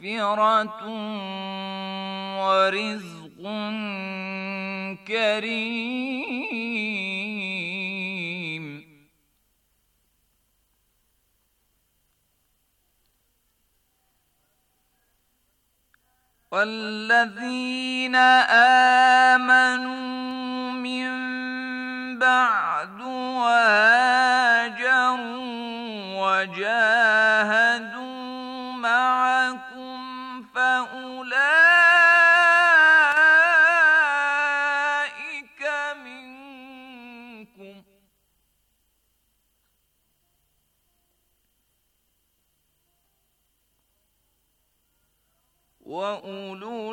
مغفرة ورزق كريم والذين آمنوا من بعد وآمنوا وأولو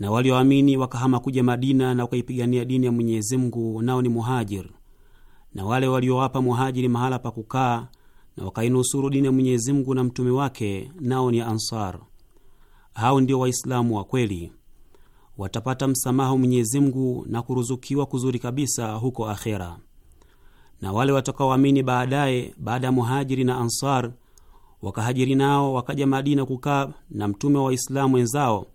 na walioamini wakahama kuja Madina na wakaipigania dini ya Mwenyezi Mungu, nao ni Muhajir, na wale waliowapa Muhajiri mahala pa kukaa na wakainusuru dini ya Mwenyezi Mungu na mtume wake, nao ni Ansar. Hao ndio Waislamu wa kweli, watapata msamaha Mwenyezi Mungu na kuruzukiwa kuzuri kabisa huko akhera. Na wale watakaoamini baadaye, baada ya Muhajiri na Ansar wakahajiri nao wakaja Madina kukaa na mtume wa Waislamu wenzao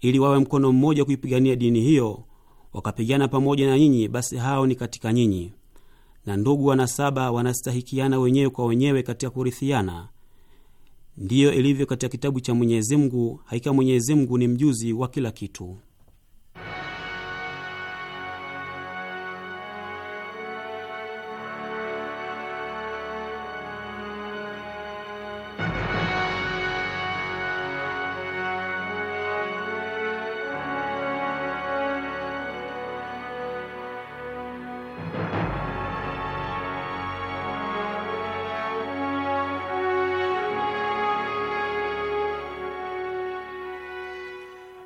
ili wawe mkono mmoja kuipigania dini hiyo, wakapigana pamoja na nyinyi, basi hao ni katika nyinyi, na ndugu wanasaba wanastahikiana wenyewe kwa wenyewe katika kurithiana. Ndiyo ilivyo katika kitabu cha Mwenyezi Mungu. Hakika Mwenyezi Mungu ni mjuzi wa kila kitu.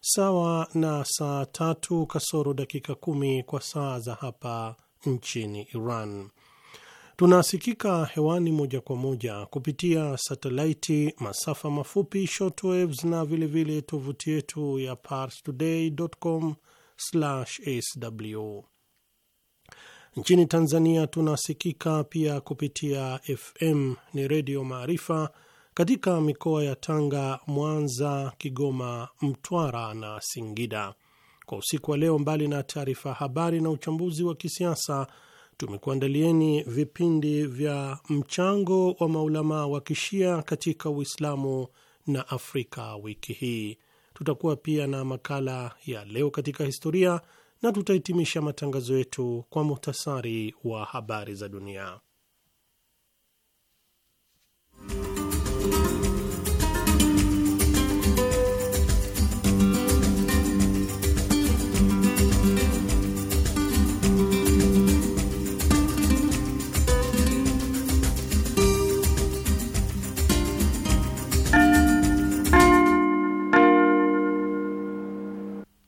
sawa na saa tatu kasoro dakika kumi kwa saa za hapa nchini Iran. Tunasikika hewani moja kwa moja kupitia satelaiti, masafa mafupi shortwaves, na vilevile tovuti yetu ya parstoday.com/sw. Nchini Tanzania tunasikika pia kupitia FM ni Redio Maarifa katika mikoa ya Tanga, Mwanza, Kigoma, Mtwara na Singida. Kwa usiku wa leo, mbali na taarifa habari na uchambuzi wa kisiasa, tumekuandalieni vipindi vya mchango wa maulamaa wa kishia katika Uislamu na Afrika wiki hii. Tutakuwa pia na makala ya leo katika historia na tutahitimisha matangazo yetu kwa muhtasari wa habari za dunia.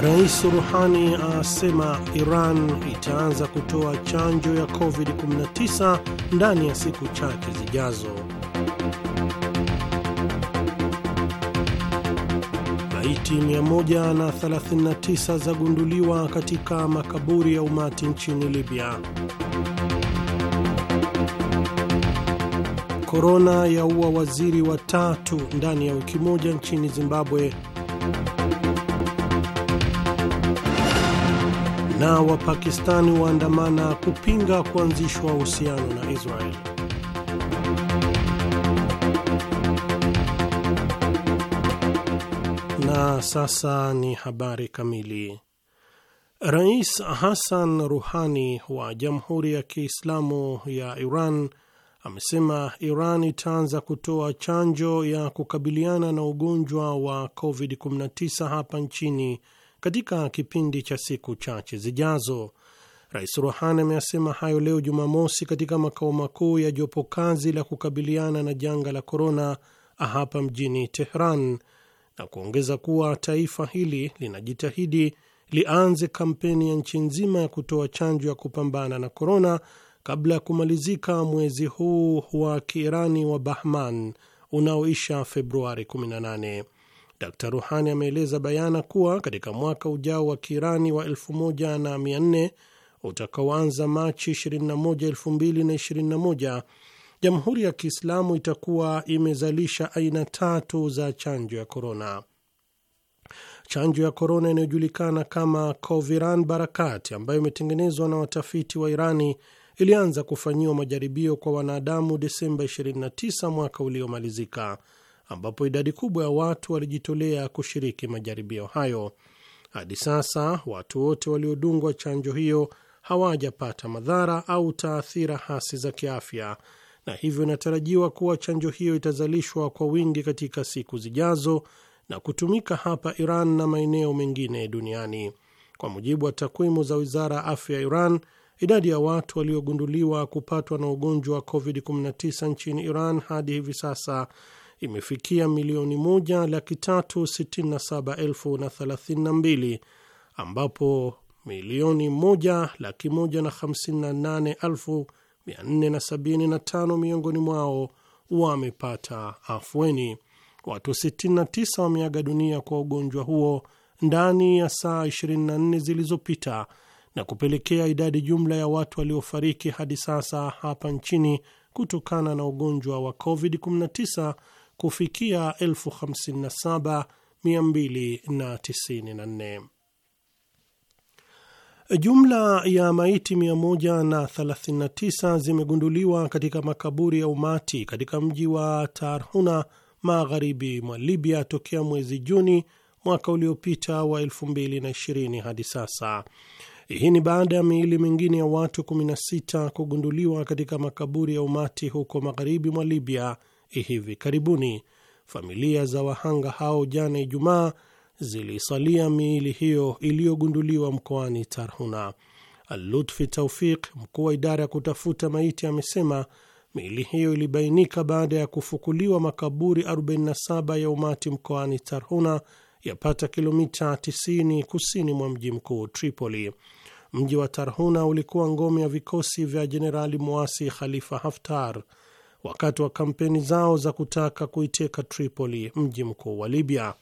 Rais Ruhani asema Iran itaanza kutoa chanjo ya COVID-19 ndani ya siku chache zijazo. Maiti 139 zagunduliwa katika makaburi ya umati nchini Libya. Korona yaua waziri watatu ndani ya wiki moja nchini Zimbabwe. na Wapakistani waandamana kupinga kuanzishwa uhusiano na Israeli. Na sasa ni habari kamili. Rais Hassan Ruhani wa Jamhuri ya Kiislamu ya Iran amesema Iran itaanza kutoa chanjo ya kukabiliana na ugonjwa wa COVID-19 hapa nchini katika kipindi cha siku chache zijazo. Rais Ruhani ameyasema hayo leo Jumamosi katika makao makuu ya jopo kazi la kukabiliana na janga la korona hapa mjini Tehran na kuongeza kuwa taifa hili linajitahidi lianze kampeni ya nchi nzima ya kutoa chanjo ya kupambana na korona kabla ya kumalizika mwezi huu wa Kiirani wa Bahman unaoisha Februari 18. Dkt Ruhani ameeleza bayana kuwa katika mwaka ujao wa Kiirani wa 1400 utakaoanza Machi 21, 2021 Jamhuri ya Kiislamu itakuwa imezalisha aina tatu za chanjo ya korona. Chanjo ya korona inayojulikana kama Coviran Barakat ambayo imetengenezwa na watafiti wa Irani ilianza kufanyiwa majaribio kwa wanadamu Desemba 29 mwaka uliomalizika ambapo idadi kubwa ya watu walijitolea kushiriki majaribio hayo. Hadi sasa watu wote waliodungwa chanjo hiyo hawajapata madhara au taathira hasi za kiafya, na hivyo inatarajiwa kuwa chanjo hiyo itazalishwa kwa wingi katika siku zijazo na kutumika hapa Iran na maeneo mengine duniani. Kwa mujibu wa takwimu za wizara ya afya ya Iran, idadi ya watu waliogunduliwa kupatwa na ugonjwa wa COVID-19 nchini Iran hadi hivi sasa imefikia milioni moja laki tatu sitini na saba elfu na thelathini na mbili ambapo milioni moja laki moja na hamsini na nane elfu mia nne na sabini na tano miongoni mwao wamepata afueni. Watu 69 wameaga dunia kwa ugonjwa huo ndani ya saa 24 zilizopita na kupelekea idadi jumla ya watu waliofariki hadi sasa hapa nchini kutokana na ugonjwa wa COVID-19 kufikia 57294. Jumla ya maiti 139 zimegunduliwa katika makaburi ya umati katika mji wa Tarhuna magharibi mwa Libya tokea mwezi Juni mwaka uliopita wa 2020 hadi sasa. Hii ni baada ya miili mingine ya watu 16 kugunduliwa katika makaburi ya umati huko magharibi mwa Libya hivi karibuni. Familia za wahanga hao jana Ijumaa zilisalia miili hiyo iliyogunduliwa mkoani Tarhuna. lutfi Taufiq, mkuu wa idara ya kutafuta maiti, amesema miili hiyo ilibainika baada ya kufukuliwa makaburi 47 ya umati mkoani Tarhuna, yapata kilomita 90 kusini mwa mji mkuu Tripoli. Mji wa Tarhuna ulikuwa ngome ya vikosi vya jenerali mwasi Khalifa Haftar wakati wa kampeni zao za kutaka kuiteka Tripoli, mji mkuu wa Libya.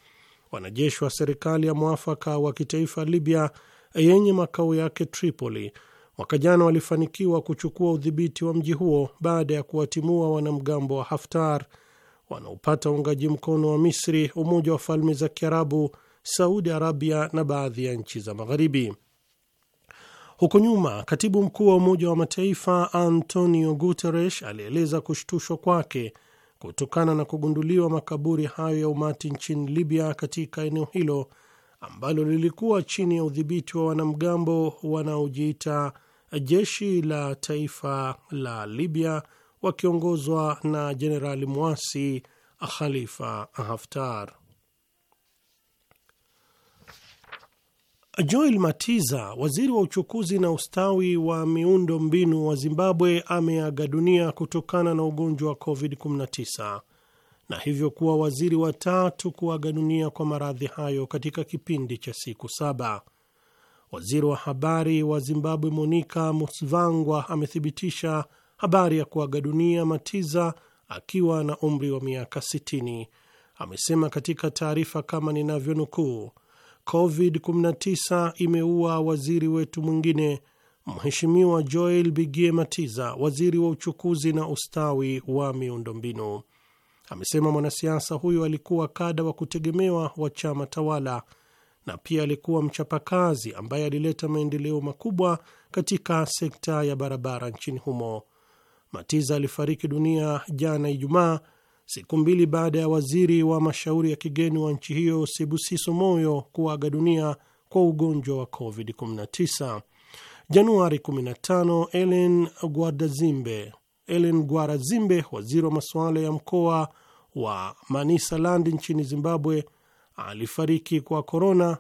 Wanajeshi wa serikali ya mwafaka wa kitaifa Libya yenye makao yake Tripoli mwaka jana walifanikiwa kuchukua udhibiti wa mji huo baada ya kuwatimua wanamgambo wa Haftar wanaopata uungaji mkono wa Misri, Umoja wa Falme za Kiarabu, Saudi Arabia na baadhi ya nchi za Magharibi. Huko nyuma, katibu mkuu wa Umoja wa Mataifa Antonio Guterres alieleza kushtushwa kwake kutokana na kugunduliwa makaburi hayo ya umati nchini Libya, katika eneo hilo ambalo lilikuwa chini ya udhibiti wa wanamgambo wanaojiita jeshi la taifa la Libya wakiongozwa na jenerali mwasi Khalifa Haftar. Joel Matiza, waziri wa uchukuzi na ustawi wa miundo mbinu wa Zimbabwe, ameaga dunia kutokana na ugonjwa wa COVID-19 na hivyo kuwa waziri wa tatu kuaga dunia kwa maradhi hayo katika kipindi cha siku saba. Waziri wa habari wa Zimbabwe Monica Musvangwa amethibitisha habari ya kuaga dunia Matiza akiwa na umri wa miaka 60. Amesema katika taarifa kama ninavyonukuu COVID-19 imeua waziri wetu mwingine Mheshimiwa Joel Bigie Matiza, waziri wa uchukuzi na ustawi wa miundombinu. Amesema mwanasiasa huyo alikuwa kada wa kutegemewa wa chama tawala na pia alikuwa mchapakazi ambaye alileta maendeleo makubwa katika sekta ya barabara nchini humo. Matiza alifariki dunia jana Ijumaa siku mbili baada ya waziri wa mashauri ya kigeni wa nchi hiyo Sibusiso Moyo kuaga dunia kwa ugonjwa wa COVID-19. Januari 15, Ellen Guarazimbe Ellen Guarazimbe, waziri wa masuala ya mkoa wa Manicaland nchini Zimbabwe, alifariki kwa korona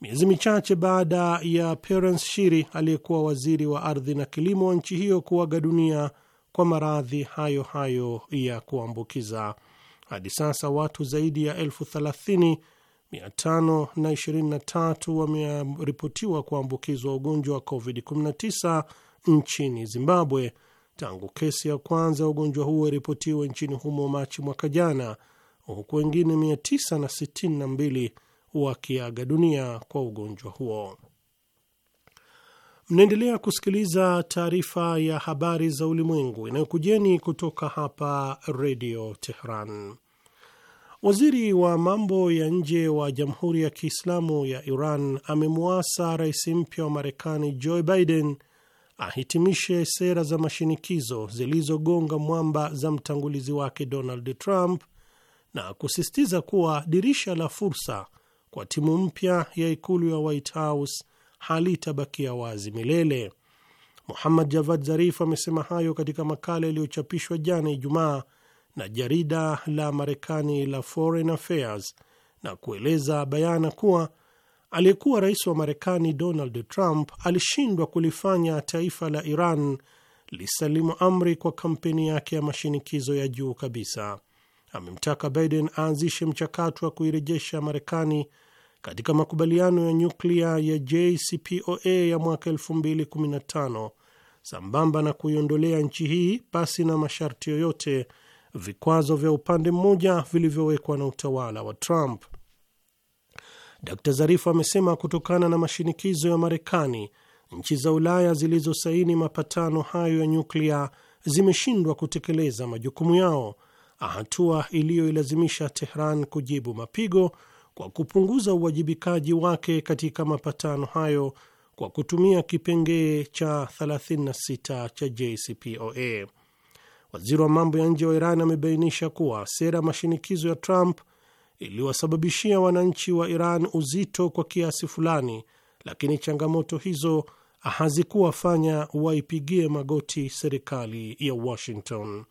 miezi michache baada ya Perence Shiri aliyekuwa waziri wa ardhi na kilimo wa nchi hiyo kuaga dunia kwa maradhi hayo hayo ya kuambukiza. Hadi sasa watu zaidi ya elfu thelathini wameripotiwa kuambukizwa ugonjwa wa COVID-19 nchini Zimbabwe tangu kesi ya kwanza ugonjwa huo iripotiwe nchini humo Machi mwaka jana, huku wengine 962 wakiaga dunia kwa ugonjwa huo. Mnaendelea kusikiliza taarifa ya habari za ulimwengu inayokujeni kutoka hapa Redio Tehran. Waziri wa mambo ya nje wa Jamhuri ya Kiislamu ya Iran amemwasa rais mpya wa Marekani Joe Biden ahitimishe sera za mashinikizo zilizogonga mwamba za mtangulizi wake Donald Trump na kusisitiza kuwa dirisha la fursa kwa timu mpya ya ikulu ya White House halitabakia wazi milele. Muhammad Javad Zarif amesema hayo katika makala iliyochapishwa jana Ijumaa na jarida la Marekani la Foreign Affairs na kueleza bayana kuwa aliyekuwa rais wa Marekani Donald Trump alishindwa kulifanya taifa la Iran lisalimu amri kwa kampeni yake ya mashinikizo ya juu kabisa. Amemtaka Biden aanzishe mchakato wa kuirejesha Marekani katika makubaliano ya nyuklia ya JCPOA ya mwaka 2015 sambamba na kuiondolea nchi hii pasi na masharti yoyote vikwazo vya upande mmoja vilivyowekwa na utawala wa Trump. d Zarif amesema kutokana na mashinikizo ya Marekani, nchi za Ulaya zilizosaini mapatano hayo ya nyuklia zimeshindwa kutekeleza majukumu yao, hatua iliyoilazimisha Tehran kujibu mapigo kwa kupunguza uwajibikaji wake katika mapatano hayo kwa kutumia kipengee cha 36 cha JCPOA. Waziri wa mambo ya nje wa Iran amebainisha kuwa sera ya mashinikizo ya Trump iliwasababishia wananchi wa Iran uzito kwa kiasi fulani, lakini changamoto hizo hazikuwafanya waipigie magoti serikali ya Washington.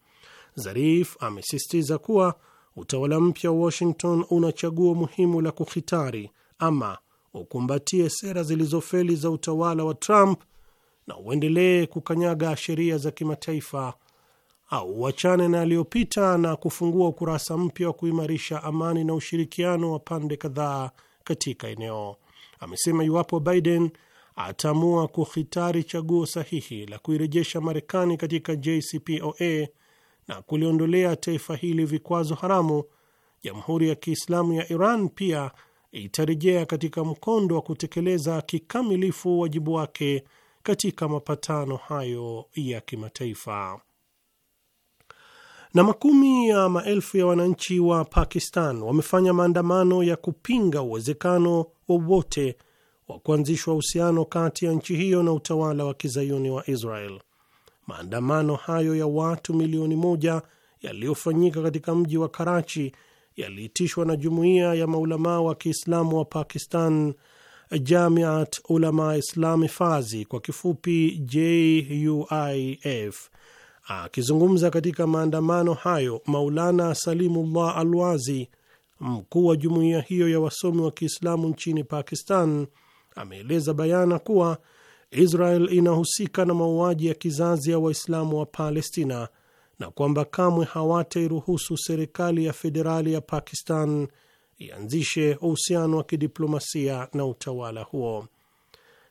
Zarif amesisitiza kuwa utawala mpya wa Washington una chaguo muhimu la kuhitari: ama ukumbatie sera zilizofeli za utawala wa Trump na uendelee kukanyaga sheria za kimataifa, au uachane na aliyopita na kufungua ukurasa mpya wa kuimarisha amani na ushirikiano wa pande kadhaa katika eneo. Amesema iwapo Biden ataamua kuhitari chaguo sahihi la kuirejesha Marekani katika JCPOA na kuliondolea taifa hili vikwazo haramu, Jamhuri ya Kiislamu ya Iran pia itarejea katika mkondo wa kutekeleza kikamilifu wajibu wake katika mapatano hayo ya kimataifa. Na makumi ya maelfu ya wananchi wa Pakistan wamefanya maandamano ya kupinga uwezekano wowote wa kuanzishwa uhusiano kati ya nchi hiyo na utawala wa kizayuni wa Israel. Maandamano hayo ya watu milioni moja yaliyofanyika katika mji wa Karachi yaliitishwa na jumuiya ya maulamaa wa Kiislamu wa Pakistan, Jamiat Ulama Islami Fazi, kwa kifupi JUIF. Akizungumza katika maandamano hayo, Maulana Salimullah Alwazi, mkuu wa jumuiya hiyo ya wasomi wa Kiislamu nchini Pakistan, ameeleza bayana kuwa Israel inahusika na mauaji ya kizazi ya Waislamu wa Palestina na kwamba kamwe hawatairuhusu serikali ya federali ya Pakistan ianzishe uhusiano wa kidiplomasia na utawala huo.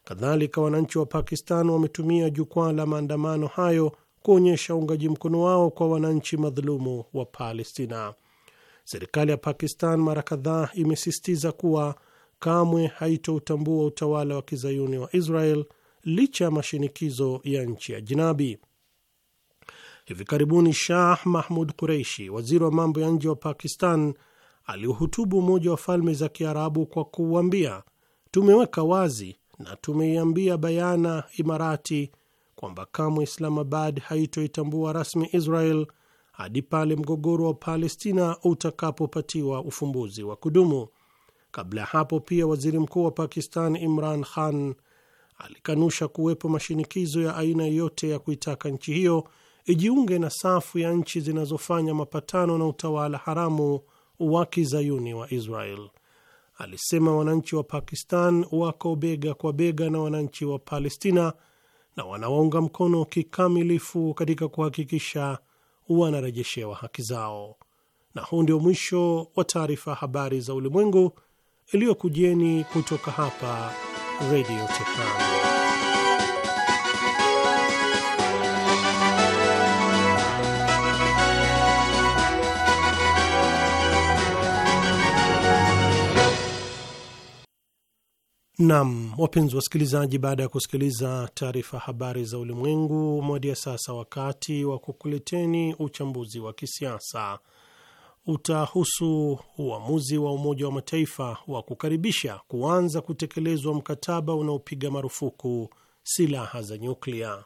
Kadhalika, wananchi wa Pakistan wametumia jukwaa la maandamano hayo kuonyesha uungaji mkono wao kwa wananchi madhulumu wa Palestina. Serikali ya Pakistan mara kadhaa imesisitiza kuwa kamwe haitoutambua utawala wa kizayuni wa Israel licha ya mashinikizo ya nchi ya jinabi. Hivi karibuni Shah Mahmud Qureishi, waziri wa mambo ya nje wa Pakistan, aliuhutubu Umoja wa Falme za Kiarabu kwa kuuambia, tumeweka wazi na tumeiambia bayana Imarati kwamba kamwe Islamabad haitoitambua rasmi Israel hadi pale mgogoro wa Palestina utakapopatiwa ufumbuzi wa kudumu. Kabla ya hapo pia waziri mkuu wa Pakistan Imran Khan alikanusha kuwepo mashinikizo ya aina yoyote ya kuitaka nchi hiyo ijiunge na safu ya nchi zinazofanya mapatano na utawala haramu wa kizayuni wa Israel. Alisema wananchi wa Pakistan wako bega kwa bega na wananchi wa Palestina na wanawaunga mkono kikamilifu katika kuhakikisha wanarejeshewa haki zao. Na huu ndio mwisho wa taarifa habari za ulimwengu iliyokujeni kutoka hapa Radio Tehran. Nam, wapenzi wasikilizaji, baada ya kusikiliza taarifa habari za ulimwengu, ya sasa wakati wa kukuleteni uchambuzi wa kisiasa utahusu uamuzi wa Umoja wa Mataifa wa kukaribisha kuanza kutekelezwa mkataba unaopiga marufuku silaha za nyuklia.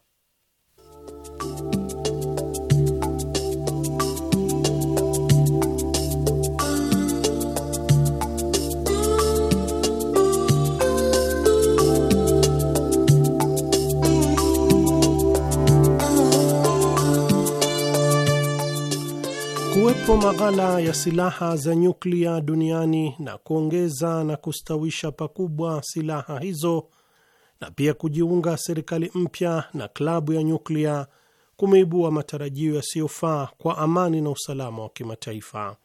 Kuwepo maghala ya silaha za nyuklia duniani na kuongeza na kustawisha pakubwa silaha hizo na pia kujiunga serikali mpya na klabu ya nyuklia kumeibua matarajio yasiyofaa kwa amani na usalama wa kimataifa.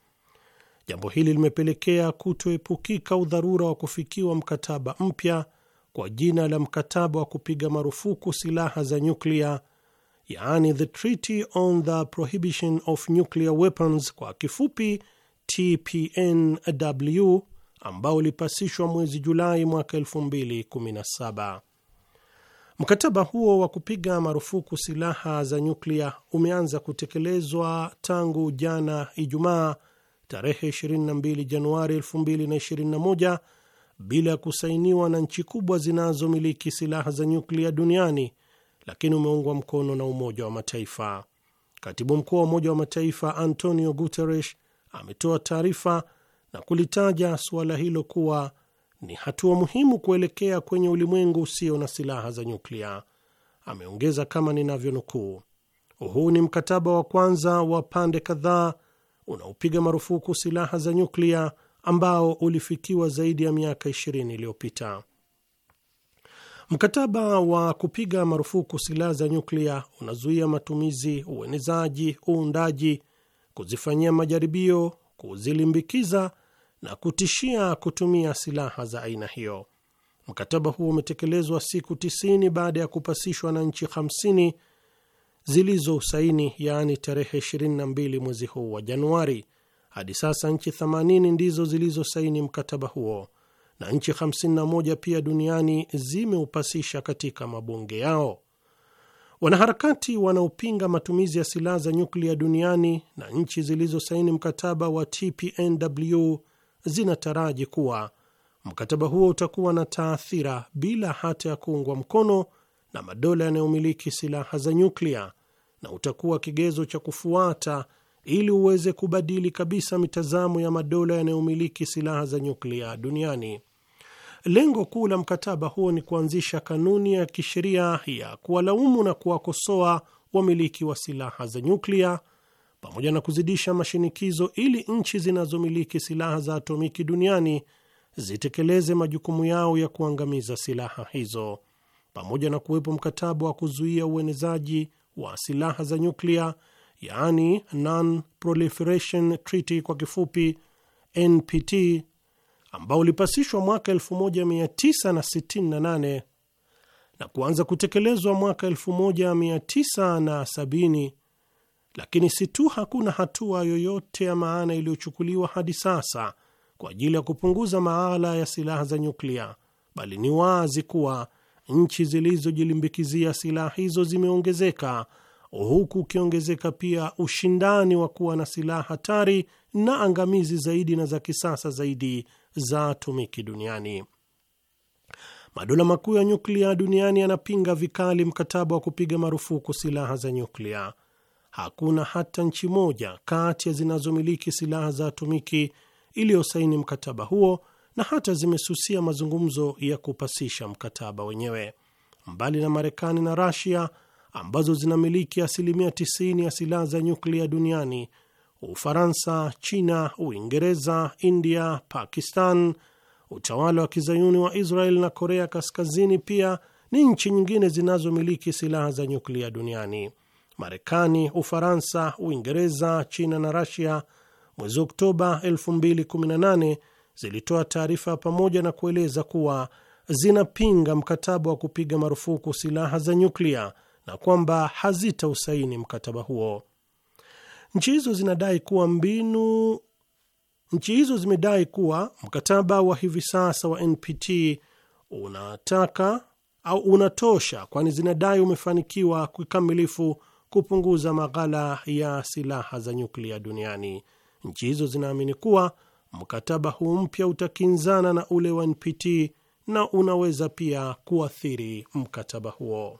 Jambo hili limepelekea kutoepukika udharura wa kufikiwa mkataba mpya kwa jina la mkataba wa kupiga marufuku silaha za nyuklia yaani the Treaty on the Prohibition of Nuclear Weapons, kwa kifupi TPNW, ambao ulipasishwa mwezi Julai mwaka 2017. Mkataba huo wa kupiga marufuku silaha za nyuklia umeanza kutekelezwa tangu jana Ijumaa tarehe 22 Januari 2021 bila ya kusainiwa na nchi kubwa zinazomiliki silaha za nyuklia duniani lakini umeungwa mkono na Umoja wa Mataifa. Katibu mkuu wa Umoja wa Mataifa Antonio Guterres ametoa taarifa na kulitaja suala hilo kuwa ni hatua muhimu kuelekea kwenye ulimwengu usio na silaha za nyuklia. Ameongeza kama ninavyonukuu, huu ni mkataba wa kwanza wa pande kadhaa unaopiga marufuku silaha za nyuklia ambao ulifikiwa zaidi ya miaka 20 iliyopita. Mkataba wa kupiga marufuku silaha za nyuklia unazuia matumizi, uenezaji, uundaji, kuzifanyia majaribio, kuzilimbikiza na kutishia kutumia silaha za aina hiyo. Mkataba huo umetekelezwa siku 90 baada ya kupasishwa na nchi 50 usaini, yaani tarehe 22 mwezi huu wa Januari. Hadi sasa nchi 80 ndizo zilizosaini mkataba huo na nchi 51 pia duniani zimeupasisha katika mabunge yao. Wanaharakati wanaopinga matumizi ya silaha za nyuklia duniani na nchi zilizosaini mkataba wa TPNW zinataraji kuwa mkataba huo utakuwa na taathira bila hata ya kuungwa mkono na madola yanayomiliki silaha za nyuklia na utakuwa kigezo cha kufuata ili uweze kubadili kabisa mitazamo ya madola yanayomiliki silaha za nyuklia duniani. Lengo kuu la mkataba huo ni kuanzisha kanuni ya kisheria ya kuwalaumu na kuwakosoa wamiliki wa silaha za nyuklia pamoja na kuzidisha mashinikizo ili nchi zinazomiliki silaha za atomiki duniani zitekeleze majukumu yao ya kuangamiza silaha hizo. Pamoja na kuwepo mkataba wa kuzuia uenezaji wa silaha za nyuklia, yaani Non-Proliferation Treaty kwa kifupi NPT, ambao ulipasishwa mwaka 1968 na kuanza kutekelezwa mwaka 1970, lakini si tu hakuna hatua yoyote ya maana iliyochukuliwa hadi sasa kwa ajili ya kupunguza maala ya silaha za nyuklia, bali ni wazi kuwa nchi zilizojilimbikizia silaha hizo zimeongezeka, huku ukiongezeka pia ushindani wa kuwa na silaha hatari na angamizi zaidi na za kisasa zaidi za atomiki duniani. Madola makuu ya nyuklia duniani yanapinga vikali mkataba wa kupiga marufuku silaha za nyuklia. Hakuna hata nchi moja kati ya zinazomiliki silaha za atomiki iliyosaini mkataba huo na hata zimesusia mazungumzo ya kupasisha mkataba wenyewe. Mbali na Marekani na Rasia ambazo zinamiliki asilimia 90 ya silaha za nyuklia duniani, Ufaransa, China, Uingereza, India, Pakistan, utawala wa kizayuni wa Israel na Korea Kaskazini pia ni nchi nyingine zinazomiliki silaha za nyuklia duniani. Marekani, Ufaransa, Uingereza, China na Rasia mwezi Oktoba 2018 zilitoa taarifa pamoja na kueleza kuwa zinapinga mkataba wa kupiga marufuku silaha za nyuklia na kwamba hazitausaini mkataba huo. Nchi hizo zinadai kuwa mbinu nchi hizo zimedai kuwa mkataba wa hivi sasa wa NPT unataka au unatosha, kwani zinadai umefanikiwa kikamilifu kupunguza maghala ya silaha za nyuklia duniani. Nchi hizo zinaamini kuwa mkataba huu mpya utakinzana na ule wa NPT na unaweza pia kuathiri mkataba huo.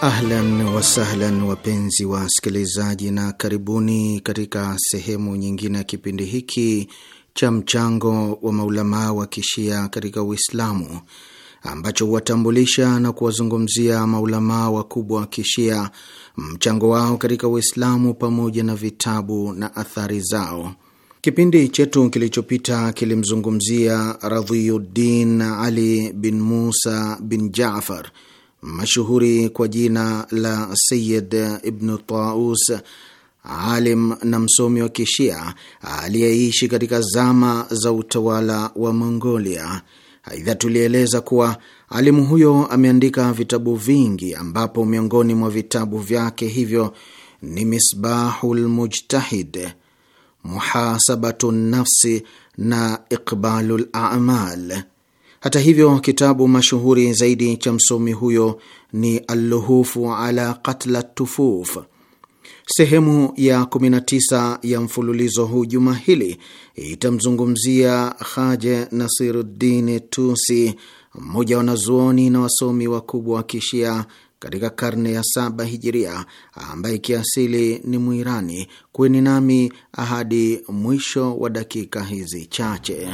Ahlan wasahlan, wapenzi wasikilizaji, na karibuni katika sehemu nyingine ya kipindi hiki cha mchango wa maulamaa wa kishia katika Uislamu ambacho huwatambulisha na kuwazungumzia maulamaa wakubwa wa kishia, mchango wao katika Uislamu pamoja na vitabu na athari zao. Kipindi chetu kilichopita kilimzungumzia Radhiyuddin Ali bin Musa bin Jafar mashuhuri kwa jina la Sayid Ibnu Taus, alim na msomi wa Kishia aliyeishi katika zama za utawala wa Mongolia. Aidha, tulieleza kuwa alimu huyo ameandika vitabu vingi, ambapo miongoni mwa vitabu vyake hivyo ni misbahu lmujtahid Muhasabatu Nafsi na Iqbalu Amal. Hata hivyo, kitabu mashuhuri zaidi cha msomi huyo ni Alluhufu ala Qatla Tufuf. Sehemu ya 19 ya mfululizo huu juma hili itamzungumzia Haje Nasiruddin Tusi, mmoja wa wanazuoni na wasomi wakubwa wa Kishia katika karne ya saba hijiria, ambaye kiasili ni Mwirani. Kuweni nami ahadi mwisho wa dakika hizi chache.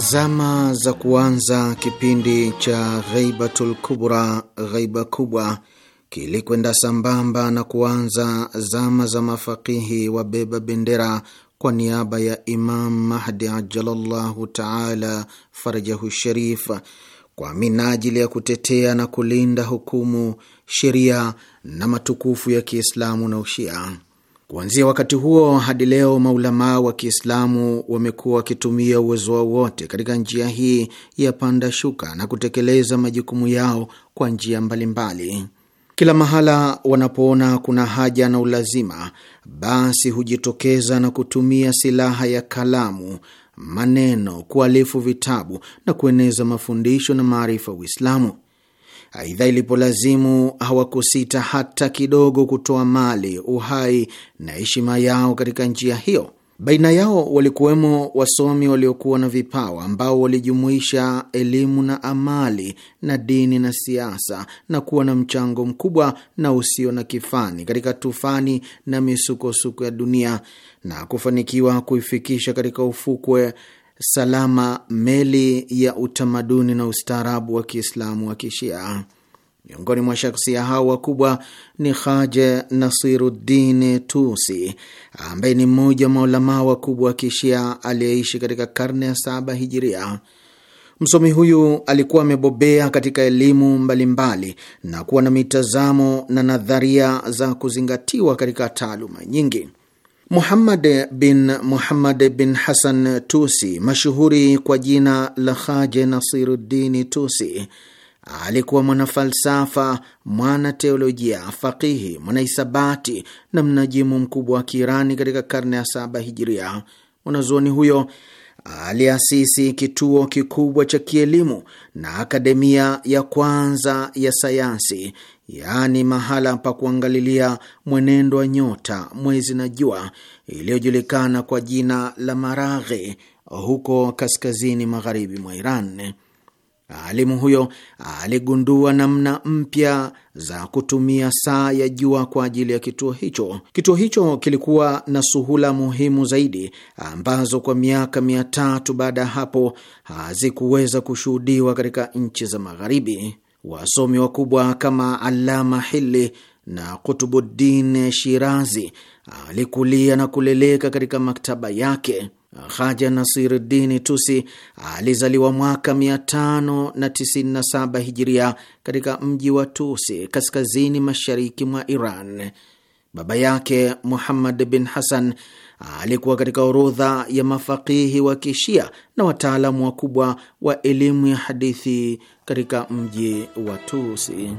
Zama za kuanza kipindi cha Ghaibatul Kubra, ghaiba kubwa, kilikwenda sambamba na kuanza zama za mafakihi wabeba bendera kwa niaba ya Imam Mahdi ajalallahu taala farajahu sharif kwa minajili ya kutetea na kulinda hukumu, sheria na matukufu ya Kiislamu na Ushia. Kuanzia wakati huo hadi leo maulamaa wa Kiislamu wamekuwa wakitumia uwezo wao wote katika njia hii ya panda shuka na kutekeleza majukumu yao kwa njia mbalimbali. Kila mahala wanapoona kuna haja na ulazima, basi hujitokeza na kutumia silaha ya kalamu, maneno, kualifu vitabu na kueneza mafundisho na maarifa Uislamu. Aidha, ilipolazimu hawakusita hata kidogo kutoa mali, uhai na heshima yao katika njia hiyo. Baina yao walikuwemo wasomi waliokuwa na vipawa ambao walijumuisha elimu na amali na dini na siasa na kuwa na mchango mkubwa na usio na kifani katika tufani na misukosuko ya dunia na kufanikiwa kuifikisha katika ufukwe salama meli ya utamaduni na ustaarabu wa Kiislamu wa Kishia. Miongoni mwa shaksia hao wakubwa ni Haje Nasiruddin Tusi, ambaye ni mmoja wa maulamaa wakubwa wa Kishia aliyeishi katika karne ya saba Hijiria. Msomi huyu alikuwa amebobea katika elimu mbalimbali na kuwa na mitazamo na nadharia za kuzingatiwa katika taaluma nyingi. Muhammad bin Muhammad bin Hasan Tusi, mashuhuri kwa jina la Haje Nasirudini Tusi, alikuwa mwanafalsafa, mwana teolojia, faqihi, mwanahisabati na mnajimu mkubwa wa Kiirani katika karne ya saba Hijiria. Mwanazuoni huyo aliasisi kituo kikubwa cha kielimu na akademia ya kwanza ya sayansi yaani mahala pa kuangalilia mwenendo wa nyota, mwezi na jua, iliyojulikana kwa jina la Maraghe huko kaskazini magharibi mwa Iran. Alimu huyo aligundua namna mpya za kutumia saa ya jua kwa ajili ya kituo hicho. Kituo hicho kilikuwa na suhula muhimu zaidi ambazo kwa miaka mia tatu baada ya hapo hazikuweza kushuhudiwa katika nchi za Magharibi. Wasomi wakubwa kama Alama Hili na Kutubuddin Shirazi alikulia na kuleleka katika maktaba yake. Haja Nasiruddini Tusi alizaliwa mwaka 597 hijiria katika mji wa Tusi, kaskazini mashariki mwa Iran. Baba yake Muhammad bin hassan alikuwa katika orodha ya mafakihi wa kishia na wataalamu wakubwa wa elimu ya hadithi katika mji wa Tusi.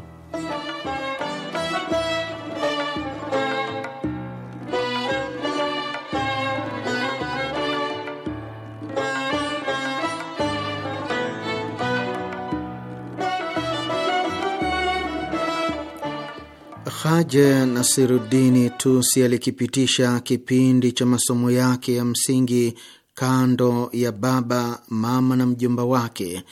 Haja nasirudini Tusi alikipitisha kipindi cha masomo yake ya msingi kando ya baba, mama na mjomba wake,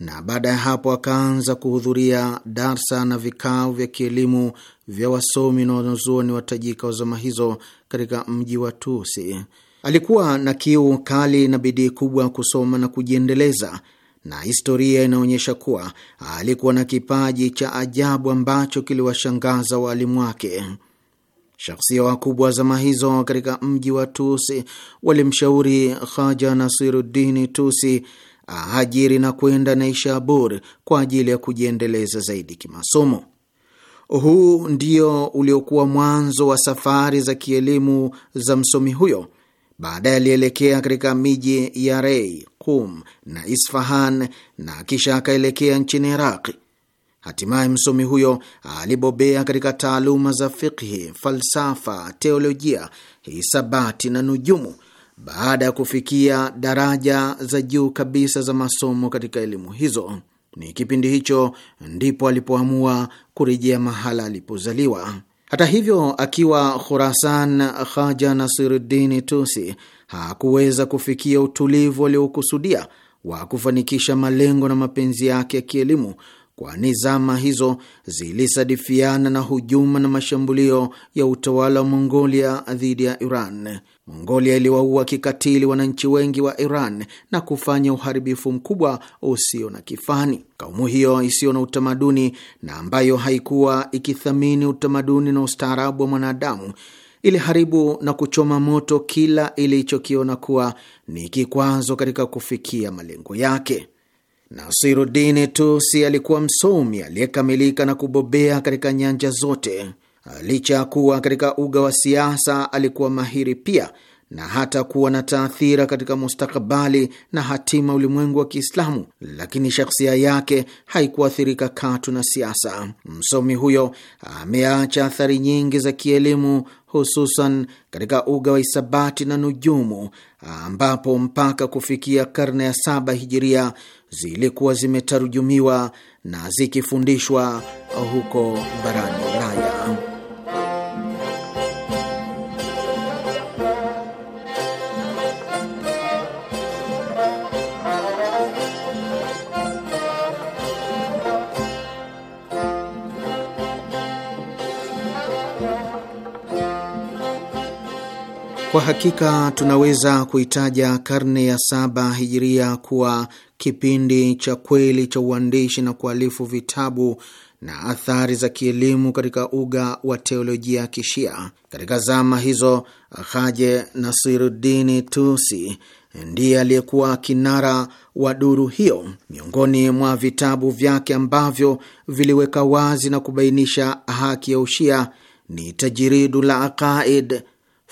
na baada ya hapo akaanza kuhudhuria darsa na vikao vya kielimu vya wasomi na wanazuoni watajika wa zama hizo katika mji wa Tusi. Alikuwa na kiu kali na bidii kubwa kusoma na kujiendeleza na historia inaonyesha kuwa alikuwa na kipaji cha ajabu ambacho kiliwashangaza waalimu wake. Shakhsia wakubwa zama hizo katika mji wa Tusi walimshauri Haja nasirudini Tusi ahajiri na kwenda Naishabur kwa ajili ya kujiendeleza zaidi kimasomo. Huu ndio uliokuwa mwanzo wa safari za kielimu za msomi huyo. Baadaye alielekea katika miji ya Rei, Qum na Isfahan na kisha akaelekea nchini Iraqi. Hatimaye msomi huyo alibobea katika taaluma za fikhi, falsafa, teolojia, hisabati na nujumu baada ya kufikia daraja za juu kabisa za masomo katika elimu hizo. Ni kipindi hicho ndipo alipoamua kurejea mahala alipozaliwa. Hata hivyo, akiwa Khurasan, Khaja Nasiruddin Tusi hakuweza kufikia utulivu aliokusudia wa kufanikisha malengo na mapenzi yake ya kielimu, kwani zama hizo zilisadifiana na hujuma na mashambulio ya utawala wa Mongolia dhidi ya Iran. Mongolia iliwaua kikatili wananchi wengi wa Iran na kufanya uharibifu mkubwa usio na kifani. Kaumu hiyo isiyo na utamaduni na ambayo haikuwa ikithamini utamaduni na ustaarabu wa mwanadamu iliharibu na kuchoma moto kila ilichokiona kuwa ni kikwazo katika kufikia malengo yake. Nasiruddin Tusi alikuwa msomi aliyekamilika na kubobea katika nyanja zote. Licha ya kuwa katika uga wa siasa alikuwa mahiri pia na hata kuwa na taathira katika mustakabali na hatima ulimwengu wa Kiislamu, lakini shakhsia yake haikuathirika katu na siasa. Msomi huyo ameacha athari nyingi za kielimu hususan katika uga wa hisabati na nujumu, ambapo mpaka kufikia karne ya saba hijiria zilikuwa zimetarujumiwa na zikifundishwa huko barani Ulaya. Kwa hakika tunaweza kuitaja karne ya saba hijiria kuwa kipindi cha kweli cha uandishi na kualifu vitabu na athari za kielimu katika uga wa teolojia ya Kishia. Katika zama hizo, Haje Nasiruddini Tusi ndiye aliyekuwa kinara wa duru hiyo. Miongoni mwa vitabu vyake ambavyo viliweka wazi na kubainisha haki ya Ushia ni Tajiridu la Aqaid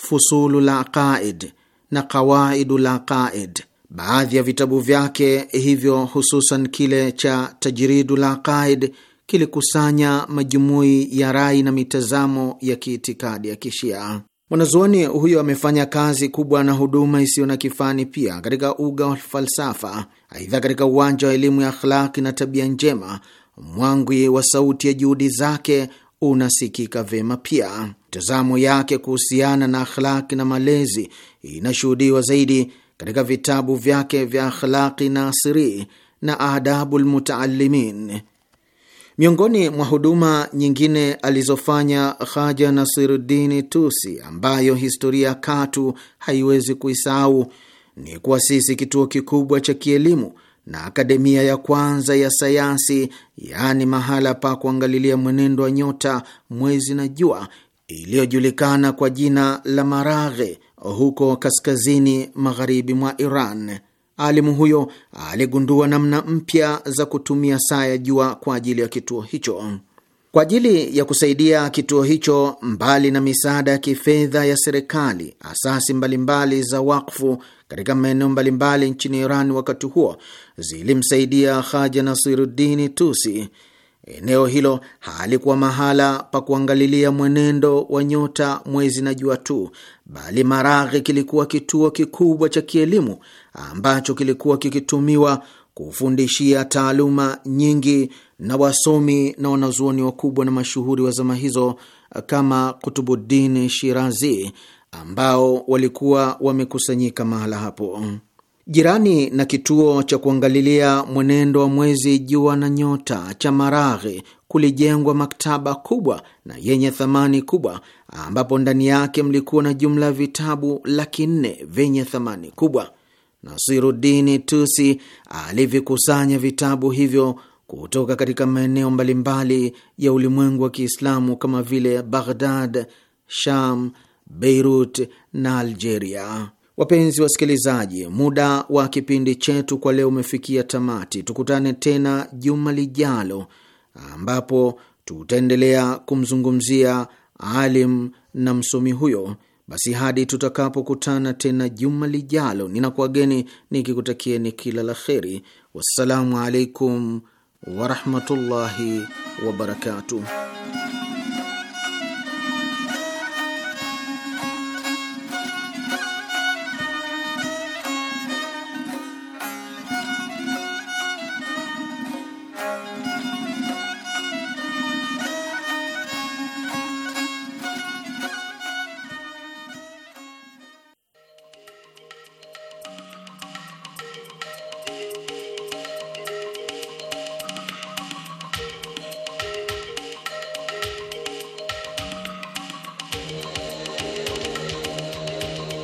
Fusulul Aqaid na Qawaidul Aqaid. Baadhi ya vitabu vyake hivyo, hususan kile cha Tajridul Aqaid kilikusanya majumui ya rai na mitazamo ya kiitikadi ya Kishia. Mwanazuoni huyo amefanya kazi kubwa na huduma isiyo na kifani pia katika uga wa falsafa. Aidha, katika uwanja wa elimu ya akhlaki na tabia njema, mwangwi wa sauti ya juhudi zake unasikika vema pia. Mtazamo yake kuhusiana na akhlaki na malezi inashuhudiwa zaidi katika vitabu vyake vya Akhlaqi Nasiri na Adabu Lmutaalimin. Miongoni mwa huduma nyingine alizofanya Haja Nasiruddini Tusi, ambayo historia katu haiwezi kuisahau, ni kuasisi kituo kikubwa cha kielimu na akademia ya kwanza ya sayansi, yaani mahala pa kuangalilia mwenendo wa nyota, mwezi na jua, iliyojulikana kwa jina la Maraghe huko kaskazini magharibi mwa Iran. Alimu huyo aligundua namna mpya za kutumia saa ya jua kwa ajili ya kituo hicho. Kwa ajili ya kusaidia kituo hicho, mbali na misaada ya kifedha ya serikali, asasi mbalimbali mbali za wakfu katika maeneo mbalimbali nchini Iran wakati huo zilimsaidia Haja nasirudini Tusi. Eneo hilo halikuwa mahala pa kuangalilia mwenendo wa nyota, mwezi na jua tu, bali Maraghi kilikuwa kituo kikubwa cha kielimu ambacho kilikuwa kikitumiwa kufundishia taaluma nyingi na wasomi na wanazuoni wakubwa na mashuhuri wa zama hizo kama Kutubuddin Shirazi ambao walikuwa wamekusanyika mahala hapo jirani na kituo cha kuangalilia mwenendo wa mwezi, jua na nyota cha Maraghi kulijengwa maktaba kubwa na yenye thamani kubwa, ambapo ndani yake mlikuwa na jumla ya vitabu laki nne vyenye thamani kubwa. Nasirudini Tusi alivikusanya vitabu hivyo kutoka katika maeneo mbalimbali ya ulimwengu wa Kiislamu kama vile Baghdad, Sham, Beirut na Algeria. Wapenzi wasikilizaji, muda wa kipindi chetu kwa leo umefikia tamati. Tukutane tena juma lijalo, ambapo tutaendelea kumzungumzia alim na msomi huyo. Basi hadi tutakapokutana tena juma lijalo, ninakuwageni nikikutakieni kila la kheri. Wassalamu alaikum ورحمة الله وبركاته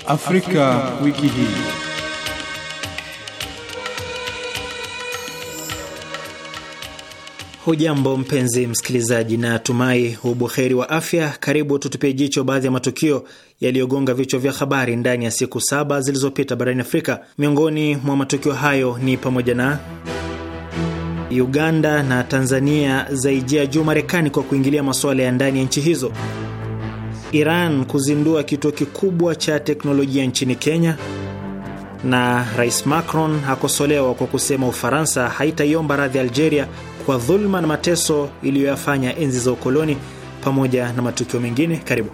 Afrika, wiki hii. Hujambo mpenzi msikilizaji, na tumai ubuheri wa afya. Karibu tutupie jicho baadhi ya matukio yaliyogonga vichwa vya habari ndani ya siku saba zilizopita barani Afrika. Miongoni mwa matukio hayo ni pamoja na Uganda na Tanzania zaijia juu Marekani kwa kuingilia masuala ya ndani ya nchi hizo Iran kuzindua kituo kikubwa cha teknolojia nchini Kenya, na Rais Macron akosolewa kwa kusema Ufaransa haitaiomba radhi Algeria kwa dhuluma na mateso iliyoyafanya enzi za ukoloni, pamoja na matukio mengine. Karibu.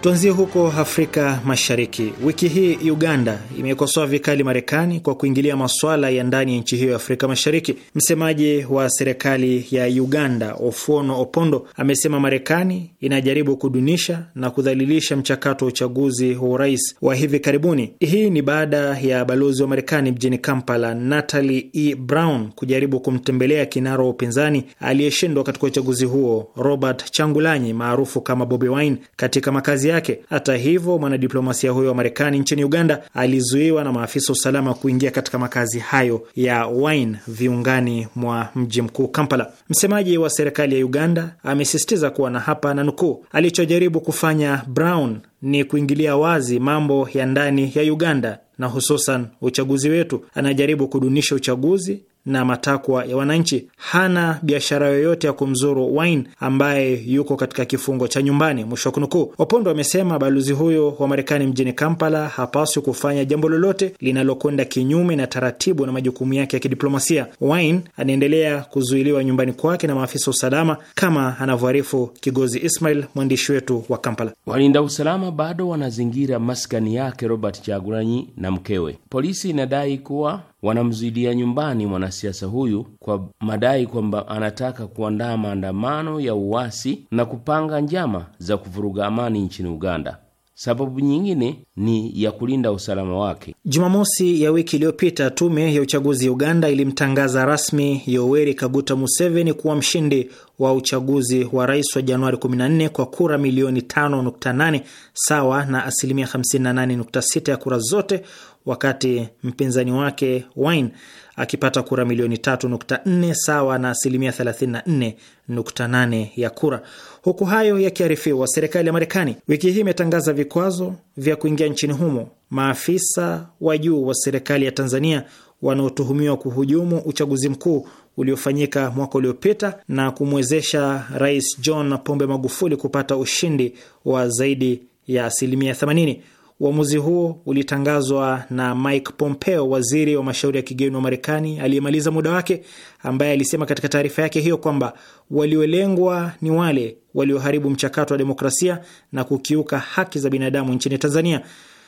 Tuanzie huko Afrika Mashariki. Wiki hii Uganda imekosoa vikali Marekani kwa kuingilia masuala ya ndani ya nchi hiyo ya Afrika Mashariki. Msemaji wa serikali ya Uganda, Ofuono Opondo, amesema Marekani inajaribu kudunisha na kudhalilisha mchakato wa uchaguzi wa urais wa hivi karibuni. Hii ni baada ya balozi wa Marekani mjini Kampala, Natalie E Brown, kujaribu kumtembelea kinara wa upinzani aliyeshindwa katika uchaguzi huo, Robert Changulanyi maarufu kama Bobi Wine, katika makazi yake. Hata hivyo, mwanadiplomasia huyo wa Marekani nchini Uganda alizuiwa na maafisa usalama kuingia katika makazi hayo ya Wine viungani mwa mji mkuu Kampala. Msemaji wa serikali ya Uganda amesisitiza kuwa na hapa na nukuu, alichojaribu kufanya Brown ni kuingilia wazi mambo ya ndani ya Uganda na hususan uchaguzi wetu. Anajaribu kudunisha uchaguzi na matakwa ya wananchi. Hana biashara yoyote ya kumzuru Wine ambaye yuko katika kifungo cha nyumbani, mwisho wa kunukuu. Wapondo wamesema balozi huyo wa Marekani mjini Kampala hapaswi kufanya jambo lolote linalokwenda kinyume na taratibu na majukumu yake ya kidiplomasia. Wine anaendelea kuzuiliwa nyumbani kwake na maafisa usalama, kama anavyoarifu Kigozi Ismail, mwandishi wetu wa Kampala. Walinda usalama bado wanazingira maskani yake Robert Chagulanyi na mkewe. Polisi inadai kuwa wanamzuidia nyumbani mwanasiasa huyu kwa madai kwamba anataka kuandaa maandamano ya uasi na kupanga njama za kuvuruga amani nchini Uganda. Sababu nyingine ni ya kulinda usalama wake. Jumamosi ya wiki iliyopita, tume ya uchaguzi ya Uganda ilimtangaza rasmi Yoweri Kaguta Museveni kuwa mshindi wa uchaguzi wa rais wa Januari 14 kwa kura milioni 5.8 sawa na asilimia 58.6 ya kura zote, wakati mpinzani wake Wine akipata kura milioni 3.4 sawa na asilimia 34.8 ya kura. Huku hayo yakiarifiwa, serikali ya Marekani wiki hii imetangaza vikwazo vya kuingia nchini humo maafisa wa juu wa serikali ya Tanzania wanaotuhumiwa kuhujumu uchaguzi mkuu uliofanyika mwaka uliopita na kumwezesha Rais John Pombe Magufuli kupata ushindi wa zaidi ya asilimia 80. Uamuzi huo ulitangazwa na Mike Pompeo, waziri wa mashauri ya kigeni wa Marekani aliyemaliza muda wake, ambaye alisema katika taarifa yake hiyo kwamba waliolengwa ni wale walioharibu mchakato wa demokrasia na kukiuka haki za binadamu nchini Tanzania.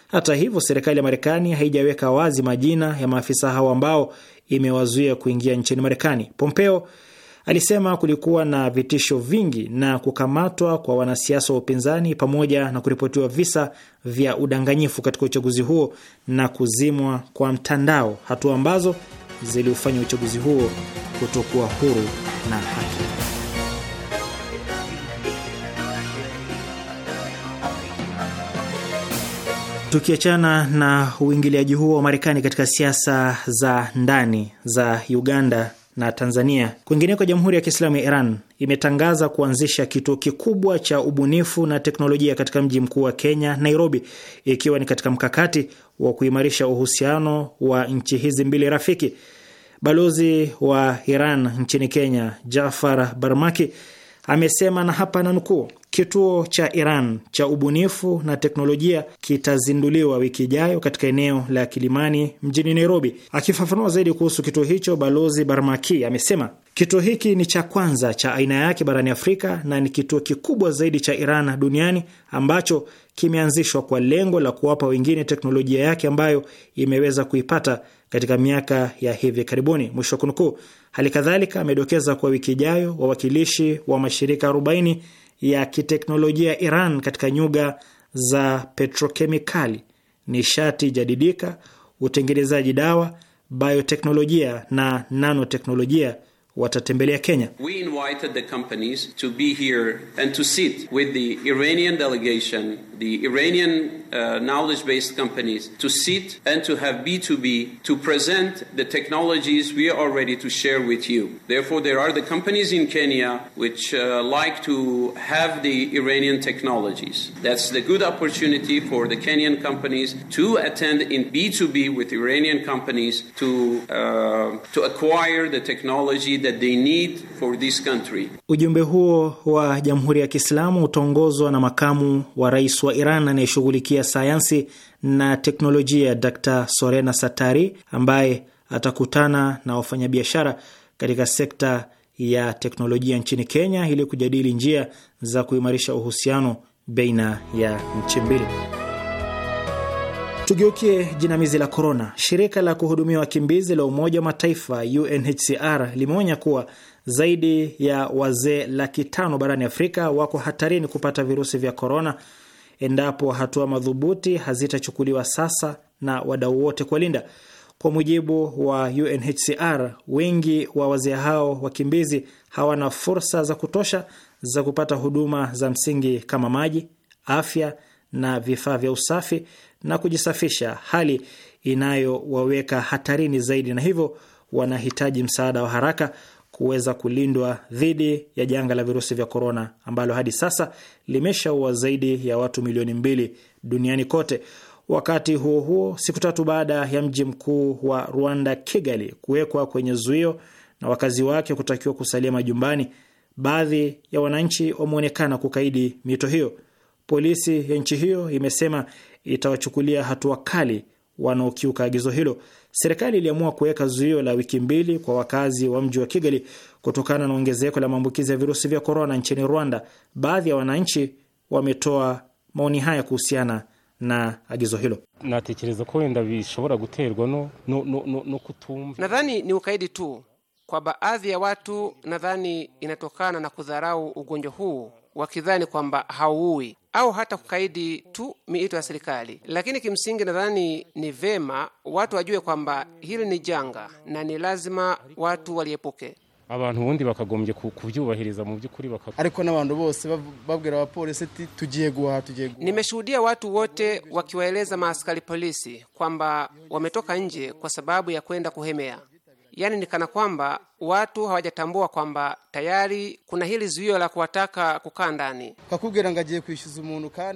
Hata hivyo, serikali ya Marekani haijaweka wazi majina ya maafisa hao ambao imewazuia kuingia nchini Marekani. Pompeo Alisema kulikuwa na vitisho vingi na kukamatwa kwa wanasiasa wa upinzani pamoja na kuripotiwa visa vya udanganyifu katika uchaguzi huo na kuzimwa kwa mtandao, hatua ambazo ziliufanya uchaguzi huo kutokuwa huru na haki. Tukiachana na uingiliaji huo wa Marekani katika siasa za ndani za Uganda na Tanzania. Kwingineko, Jamhuri ya Kiislamu ya Iran imetangaza kuanzisha kituo kikubwa cha ubunifu na teknolojia katika mji mkuu wa Kenya, Nairobi, ikiwa ni katika mkakati wa kuimarisha uhusiano wa nchi hizi mbili rafiki. Balozi wa Iran nchini Kenya, Jafar Barmaki, amesema na hapa nanukuu: Kituo cha Iran cha ubunifu na teknolojia kitazinduliwa wiki ijayo katika eneo la Kilimani mjini Nairobi. Akifafanua zaidi kuhusu kituo hicho, Balozi Barmaki amesema kituo hiki ni cha kwanza cha aina yake barani Afrika na ni kituo kikubwa zaidi cha Iran duniani ambacho kimeanzishwa kwa lengo la kuwapa wengine teknolojia yake ambayo imeweza kuipata katika miaka ya hivi karibuni, mwisho wa kunukuu. Hali kadhalika amedokeza kuwa wiki ijayo wawakilishi wa mashirika ya kiteknolojia ya Iran katika nyuga za petrokemikali, nishati jadidika, utengenezaji dawa, bioteknolojia na nanoteknolojia watatembelea Kenya. We invited the companies to be here and to sit with the Iranian delegation, the Iranian uh, knowledge based companies to sit and to have B2B to present the technologies we are ready to share with you. Therefore, there are the companies in Kenya which uh, like to have the Iranian technologies. That's the good opportunity for the Kenyan companies to attend in B2B with Iranian companies to, uh, to acquire the technology that they need for this country. Ujumbe huo wa Jamhuri ya Kiislamu utaongozwa na makamu wa rais wa Iran anayeshughulikia sayansi na teknolojia Dr. Sorena Satari ambaye atakutana na wafanyabiashara katika sekta ya teknolojia nchini Kenya ili kujadili njia za kuimarisha uhusiano baina ya nchi mbili. Tugeukie jinamizi la korona. Shirika la kuhudumia wakimbizi la Umoja wa Mataifa UNHCR limeonya kuwa zaidi ya wazee laki tano barani Afrika wako hatarini kupata virusi vya korona endapo hatua madhubuti hazitachukuliwa sasa na wadau wote kuwalinda. Kwa mujibu wa UNHCR, wengi wa wazee hao wakimbizi hawana fursa za kutosha za kupata huduma za msingi kama maji, afya na vifaa vya usafi na kujisafisha, hali inayowaweka hatarini zaidi, na hivyo wanahitaji msaada wa haraka kuweza kulindwa dhidi ya janga la virusi vya korona ambalo hadi sasa limeshaua zaidi ya watu milioni mbili duniani kote. Wakati huo huo, siku tatu baada ya mji mkuu wa Rwanda, Kigali, kuwekwa kwenye zuio na wakazi wake kutakiwa kusalia majumbani, baadhi ya wananchi wameonekana kukaidi mito hiyo. Polisi ya nchi hiyo imesema itawachukulia hatua kali wanaokiuka agizo hilo. Serikali iliamua kuweka zuio la wiki mbili kwa wakazi wa mji wa Kigali kutokana na ongezeko la maambukizi ya virusi vya korona nchini Rwanda. Baadhi ya wananchi wametoa maoni haya kuhusiana na agizo hilo. Nadhani ni ukaidi tu kwa baadhi ya watu, nadhani inatokana na kudharau ugonjwa huu wakidhani kwamba hauui au hata kukaidi tu miito ya serikali. Lakini kimsingi, nadhani ni vema watu wajue kwamba hili ni janga na ni lazima watu waliepuke. abantu ubundi bakagombye kuvyubahiriza mu by'ukuri ariko n'abantu bose babwira abapolisi ati tugiye guha tugiye guha. Nimeshuhudia watu wote wakiwaeleza maaskari polisi kwamba wametoka nje kwa sababu ya kwenda kuhemea yaani ni kana kwamba watu hawajatambua kwamba tayari kuna hili zuio la kuwataka kukaa ndani.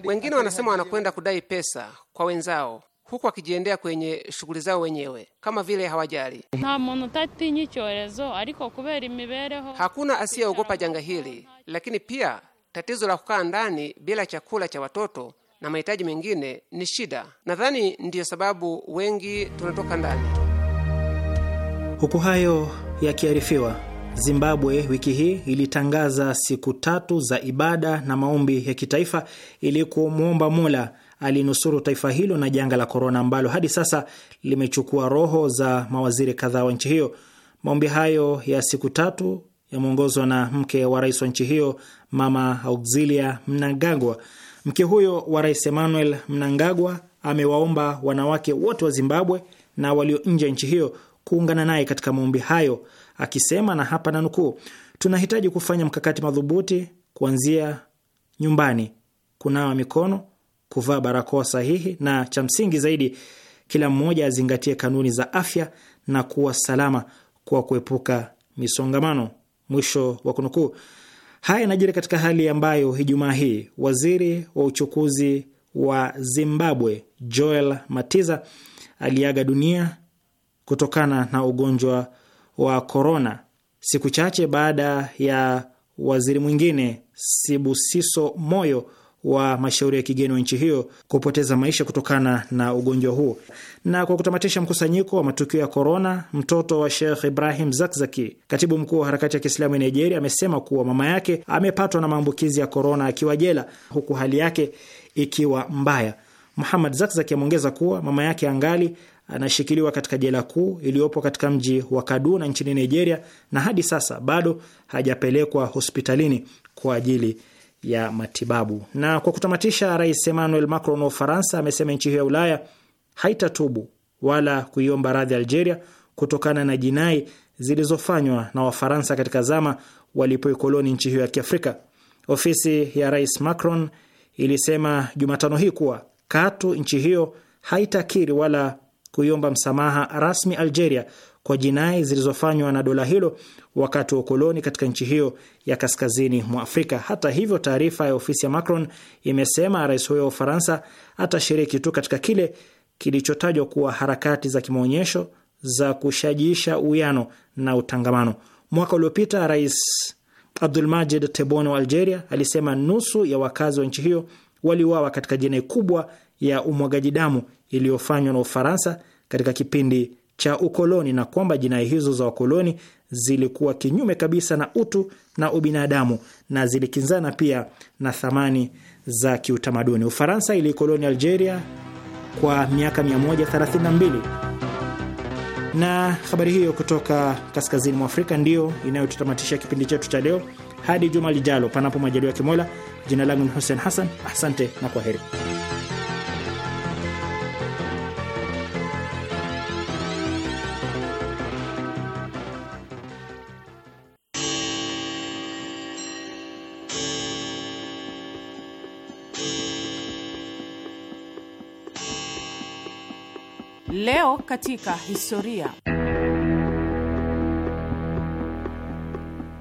Wengine wanasema wanakwenda kudai pesa kwa wenzao huku wakijiendea kwenye shughuli zao wenyewe kama vile hawajali. Hakuna asiyeogopa janga hili, lakini pia tatizo la kukaa ndani bila chakula cha watoto na mahitaji mengine ni shida. Nadhani ndiyo sababu wengi tunatoka ndani. Huku hayo yakiarifiwa, Zimbabwe wiki hii ilitangaza siku tatu za ibada na maombi ya kitaifa ili kumwomba Mola alinusuru taifa hilo na janga la korona ambalo hadi sasa limechukua roho za mawaziri kadhaa wa nchi hiyo. Maombi hayo ya siku tatu yameongozwa na mke wa rais wa nchi hiyo Mama Auxilia Mnangagwa. Mke huyo wa Rais Emmanuel Mnangagwa amewaomba wanawake wote wa Zimbabwe na walio nje ya nchi hiyo kuungana naye katika maombi hayo, akisema na hapa na nukuu, tunahitaji kufanya mkakati madhubuti kuanzia nyumbani, kunawa mikono, kuvaa barakoa sahihi, na cha msingi zaidi, kila mmoja azingatie kanuni za afya na kuwa salama kwa kuepuka misongamano, mwisho wa kunukuu. Haya yanajiri katika hali ambayo Ijumaa hii waziri wa uchukuzi wa Zimbabwe Joel Matiza aliaga dunia kutokana na ugonjwa wa korona, siku chache baada ya waziri mwingine Sibusiso Moyo wa mashauri ya kigeni wa nchi hiyo kupoteza maisha kutokana na ugonjwa huo. Na kwa kutamatisha mkusanyiko wa matukio ya korona, mtoto wa Sheikh Ibrahim Zakzaki, katibu mkuu wa harakati ya Kiislamu ya Nigeria, amesema kuwa mama yake amepatwa na maambukizi ya korona akiwa jela, huku hali yake ikiwa mbaya. Muhammad Zakzaki ameongeza kuwa mama yake angali anashikiliwa katika jela kuu iliyopo katika mji wa Kaduna nchini Nigeria, na hadi sasa bado hajapelekwa hospitalini kwa ajili ya matibabu. Na kwa kutamatisha, Rais Emmanuel Macron wa Ufaransa amesema nchi hiyo ya Ulaya haitatubu wala kuiomba radhi Algeria kutokana na jinai zilizofanywa na Wafaransa katika zama walipoikoloni nchi hiyo ya Kiafrika. Ofisi ya Rais Macron ilisema Jumatano hii kuwa katu nchi hiyo haitakiri wala kuiomba msamaha rasmi Algeria kwa jinai zilizofanywa na dola hilo wakati wa ukoloni katika nchi hiyo ya kaskazini mwa Afrika. Hata hivyo, taarifa ya ofisi ya Macron imesema rais huyo wa Ufaransa atashiriki tu katika kile kilichotajwa kuwa harakati za kimaonyesho za kushajiisha uwiano na utangamano. Mwaka uliopita Rais Abdulmajid Tebboune wa Algeria alisema nusu ya wakazi wa nchi hiyo waliuawa katika jinai kubwa ya umwagaji damu iliyofanywa na Ufaransa katika kipindi cha ukoloni na kwamba jinai hizo za wakoloni zilikuwa kinyume kabisa na utu na ubinadamu na zilikinzana pia na thamani za kiutamaduni. Ufaransa iliikoloni Algeria kwa miaka 132 na habari hiyo kutoka kaskazini mwa Afrika ndiyo inayotutamatisha kipindi chetu cha leo. Hadi juma lijalo, panapo majaliwa Kimola. Jina langu ni Hussein Hassan, asante na kwa heri. Leo katika historia.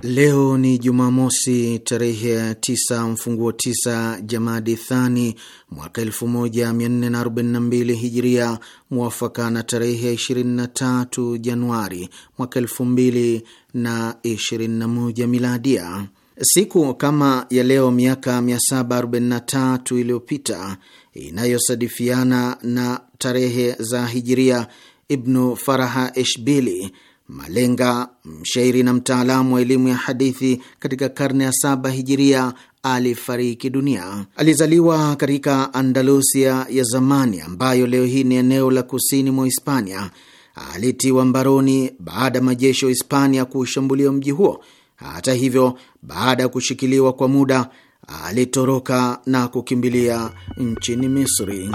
Leo ni Jumamosi tarehe ya tisa mfunguo tisa Jamadi Thani mwaka 1442 Hijiria, mwafaka na tarehe ya 23 Januari mwaka 2021 Miladia. Siku kama ya leo miaka 743 iliyopita inayosadifiana na tarehe za Hijiria, Ibnu Faraha Eshbili, malenga mshairi na mtaalamu wa elimu ya hadithi katika karne ya saba Hijiria alifariki dunia. Alizaliwa katika Andalusia ya zamani ambayo leo hii ni eneo la kusini mwa Hispania. Alitiwa mbaroni baada ya majeshi ya Hispania kuushambulia mji huo. Hata hivyo, baada ya kushikiliwa kwa muda alitoroka na kukimbilia nchini Misri.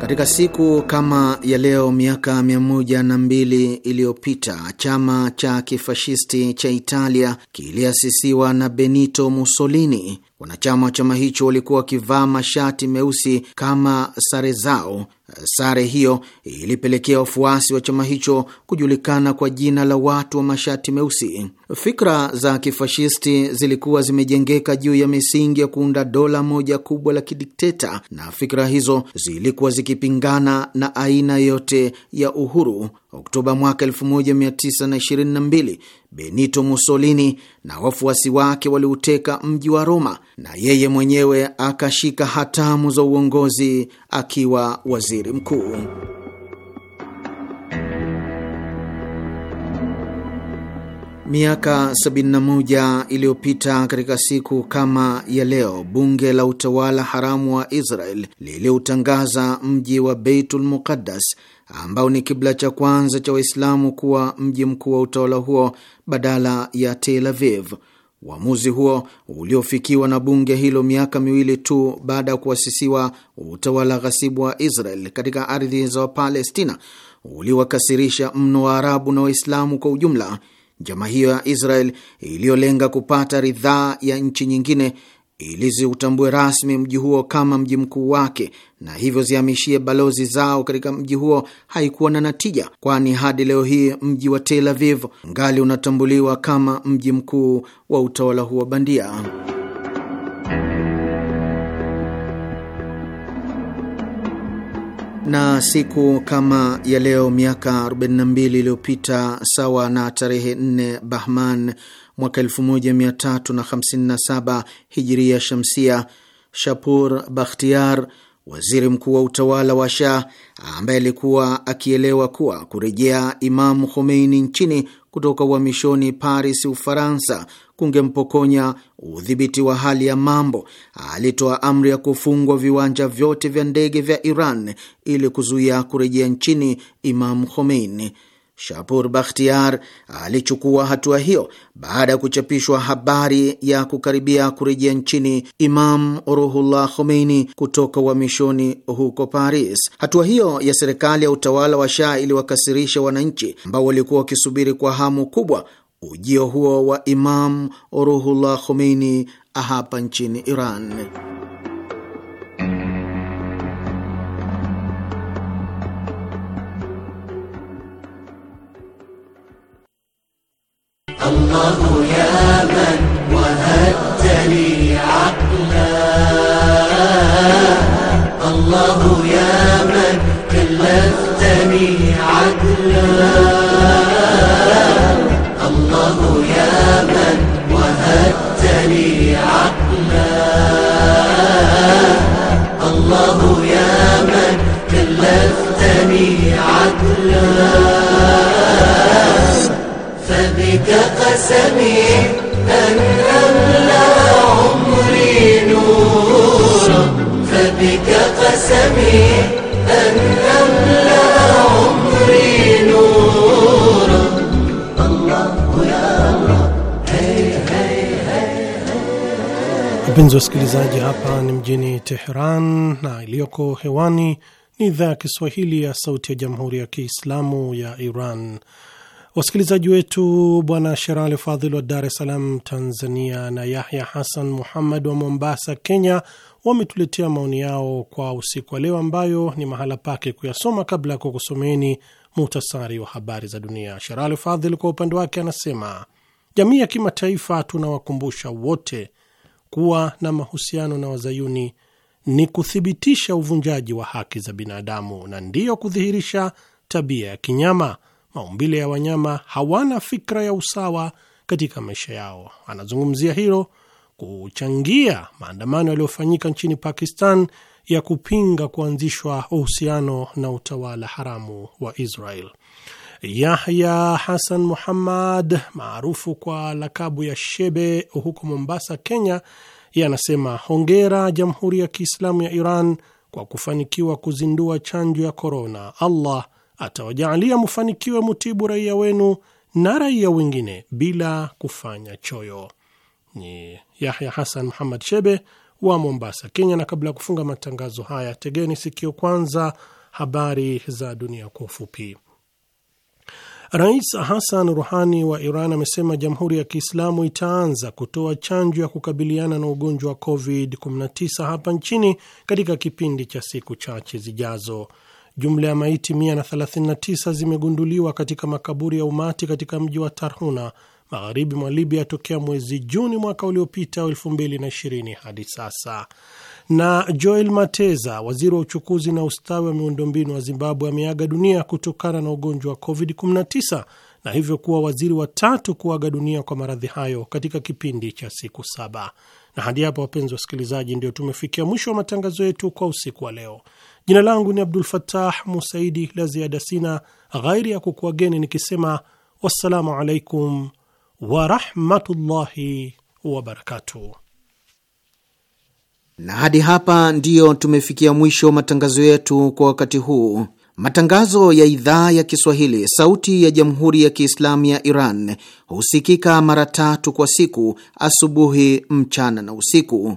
Katika siku kama ya leo miaka mia moja na mbili iliyopita chama cha kifashisti cha Italia kiliasisiwa na Benito Mussolini. Wanachama wa chama hicho walikuwa wakivaa mashati meusi kama sare zao Sare hiyo ilipelekea wafuasi wa chama hicho kujulikana kwa jina la watu wa mashati meusi. Fikra za kifashisti zilikuwa zimejengeka juu ya misingi ya kuunda dola moja kubwa la kidikteta, na fikra hizo zilikuwa zikipingana na aina yote ya uhuru. Oktoba mwaka 1922 Benito Mussolini na wafuasi wake waliuteka mji wa Roma na yeye mwenyewe akashika hatamu za uongozi akiwa waziri mkuu. Miaka 71 iliyopita katika siku kama ya leo, bunge la utawala haramu wa Israel liliutangaza mji wa Beitul Muqaddas ambao ni kibla cha kwanza cha Waislamu kuwa mji mkuu wa utawala huo badala ya Tel Aviv. Uamuzi huo uliofikiwa na bunge hilo miaka miwili tu baada ya kuasisiwa utawala ghasibu wa Israel katika ardhi za Wapalestina uliwakasirisha mno wa arabu na Waislamu kwa ujumla. Njama hiyo ya Israel iliyolenga kupata ridhaa ya nchi nyingine ili ziutambue rasmi mji huo kama mji mkuu wake na hivyo zihamishie balozi zao katika mji huo haikuwa na natija, kwani hadi leo hii mji wa Tel Aviv ngali unatambuliwa kama mji mkuu wa utawala huo bandia. na siku kama ya leo miaka 42 iliyopita sawa na tarehe 4 Bahman mwaka 1357 hijiria shamsia, Shapur Bakhtiar, waziri mkuu wa utawala wa Shah, ambaye alikuwa akielewa kuwa kurejea Imamu Khomeini nchini kutoka uhamishoni Paris, Ufaransa, kungempokonya udhibiti wa hali ya mambo, alitoa amri ya kufungwa viwanja vyote vya ndege vya Iran ili kuzuia kurejea nchini Imamu Khomeini. Shapur Bakhtiar alichukua hatua hiyo baada ya kuchapishwa habari ya kukaribia kurejea nchini Imam Ruhullah Khomeini kutoka uhamishoni huko Paris. Hatua hiyo ya serikali ya utawala wa Shah iliwakasirisha wananchi ambao walikuwa wakisubiri kwa hamu kubwa ujio huo wa Imam Ruhullah Khomeini hapa nchini Iran. الله يا من وهبت لي عقلا الله يا من كلفتني عدلا الله يا من وهبتني لي عقلا الله يا من كلفتني عدلا عليك قسمي أن عمري نورا فبك قسمي أن عمري نورا الله يا wasikilizaji, hapa ni mjini Teheran na iliyoko hewani ni idhaa ya Kiswahili ya Sauti ya Jamhuri ya Kiislamu ya Iran. Wasikilizaji wetu Bwana Sherali Fadhil wa Dar es Salaam, Tanzania, na Yahya Hasan Muhammad wa Mombasa, Kenya, wametuletea maoni yao kwa usiku wa leo, ambayo ni mahala pake kuyasoma kabla ya kukusomeni muhtasari wa habari za dunia. Sherali Fadhil kwa upande wake anasema, jamii ya kimataifa, tunawakumbusha wote kuwa na mahusiano na wazayuni ni kuthibitisha uvunjaji wa haki za binadamu na ndiyo kudhihirisha tabia ya kinyama maumbile ya wanyama hawana fikra ya usawa katika maisha yao. Anazungumzia hilo kuchangia maandamano yaliyofanyika nchini Pakistan ya kupinga kuanzishwa uhusiano na utawala haramu wa Israel. Yahya Hasan Muhammad maarufu kwa lakabu ya Shebe huko Mombasa, Kenya, yeye anasema hongera Jamhuri ya Kiislamu ya Iran kwa kufanikiwa kuzindua chanjo ya korona. Allah atawajaalia mufanikiwe mutibu raia wenu na raia wengine bila kufanya choyo. Ni Yahya Hasan Muhammad Shebe wa Mombasa, Kenya. Na kabla ya kufunga matangazo haya, tegeni sikio kwanza habari za dunia kwa ufupi. Rais hasan Ruhani wa Iran amesema Jamhuri ya Kiislamu itaanza kutoa chanjo ya kukabiliana na ugonjwa wa COVID-19 hapa nchini katika kipindi cha siku chache zijazo. Jumla ya maiti 139 zimegunduliwa katika makaburi ya umati katika mji wa Tarhuna magharibi mwa Libya tokea mwezi Juni mwaka uliopita 2020 hadi sasa. Na Joel Mateza, waziri wa uchukuzi na ustawi wa miundombinu wa Zimbabwe, ameaga dunia kutokana na ugonjwa wa COVID-19 na hivyo kuwa waziri wa tatu kuaga dunia kwa maradhi hayo katika kipindi cha siku saba. Na hadi hapa, wapenzi wasikilizaji, ndio tumefikia mwisho wa matangazo yetu kwa usiku wa leo. Jina langu ni Abdul Fatah Musaidi. La ziada sina ghairi ya kukuageni nikisema wassalamu alaikum warahmatullahi wabarakatuh. Na hadi hapa ndiyo tumefikia mwisho matangazo yetu kwa wakati huu. Matangazo ya idhaa ya Kiswahili sauti ya jamhuri ya Kiislamu ya Iran husikika mara tatu kwa siku: asubuhi, mchana na usiku.